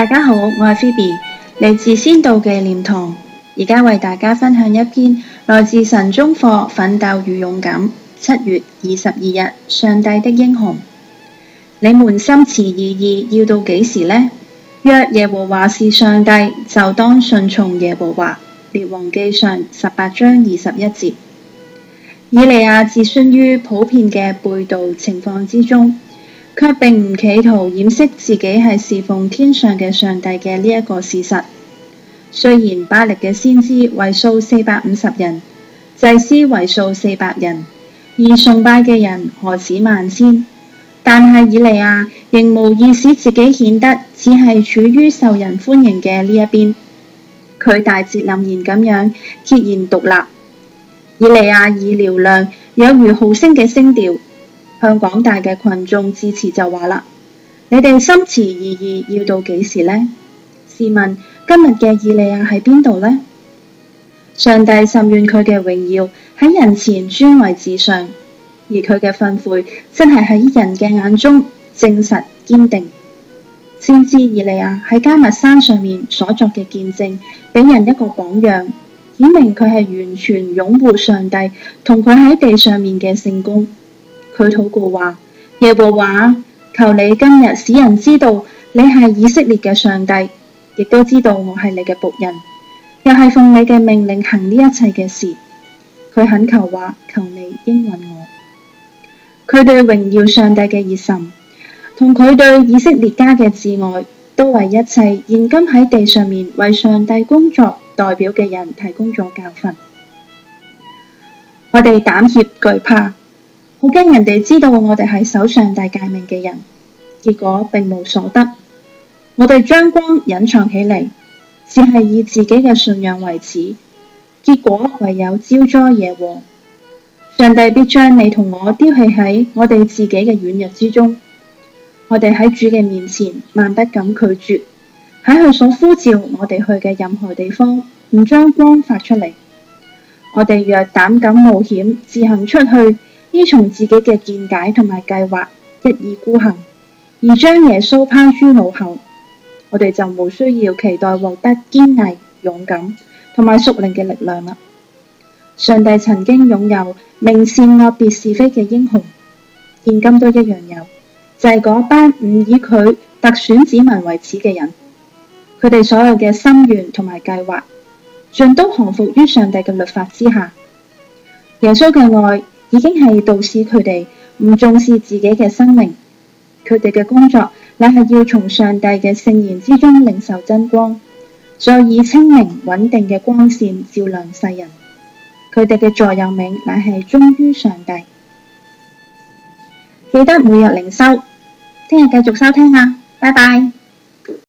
大家好，我係 Phoebe，嚟自先道記念堂，而家為大家分享一篇來自神中課《奮鬥與勇敢》，七月二十二日，上帝的英雄。你們心持兩意要到幾時呢？若耶和華是上帝，就當順從耶和華。列王記上十八章二十一節。以利亞置身於普遍嘅背道情況之中。卻並唔企圖掩飾自己係侍奉天上嘅上帝嘅呢一個事實。雖然巴力嘅先知為數四百五十人，祭司為數四百人，而崇拜嘅人何止萬千，但係以利亞仍無意使自己顯得只係處於受人歡迎嘅呢一邊。佢大節凜然咁樣，孑然獨立。以利亞以嘹亮，有如號聲嘅聲調。向廣大嘅群眾致辭就話啦：「你哋心持兩意要到幾時呢？試問今日嘅以利亞喺邊度呢？」上帝甚願佢嘅榮耀喺人前尊為至上，而佢嘅憤悔真係喺人嘅眼中證實堅定。先知以利亞喺迦密山上面所作嘅見證，俾人一個榜樣，顯明佢係完全擁護上帝，同佢喺地上面嘅聖工。佢禱告話：耶和華，求你今日使人知道你係以色列嘅上帝，亦都知道我係你嘅僕人，又係奉你嘅命令行呢一切嘅事。佢懇求話：求你應允我。佢對榮耀上帝嘅熱忱，同佢對以色列家嘅摯愛，都為一切現今喺地上面為上帝工作代表嘅人提供咗教訓。我哋膽怯懼怕。好驚人哋知道我哋係守上帝誡命嘅人，結果並無所得。我哋將光隱藏起嚟，只係以自己嘅信仰為恥，結果唯有招災惹禍。上帝必將你同我丟棄喺我哋自己嘅軟弱之中。我哋喺主嘅面前萬不敢拒絕喺佢所呼召我哋去嘅任何地方，唔將光發出嚟。我哋若膽敢冒險自行出去，依從自己嘅見解同埋計劃，一意孤行而將耶穌拋諸腦後，我哋就冇需要期待獲得堅毅、勇敢同埋屬靈嘅力量啦。上帝曾經擁有明善惡、別是非嘅英雄，現今都一樣有，就係、是、嗰班唔以佢特選子民為恥嘅人，佢哋所有嘅心願同埋計劃，盡都降服於上帝嘅律法之下。耶穌嘅愛。已經係導致佢哋唔重視自己嘅生命，佢哋嘅工作乃係要從上帝嘅聖言之中領受真光，再以清明穩定嘅光線照亮世人。佢哋嘅座右銘乃係忠於上帝。記得每日靈修，聽日繼續收聽啊！拜拜。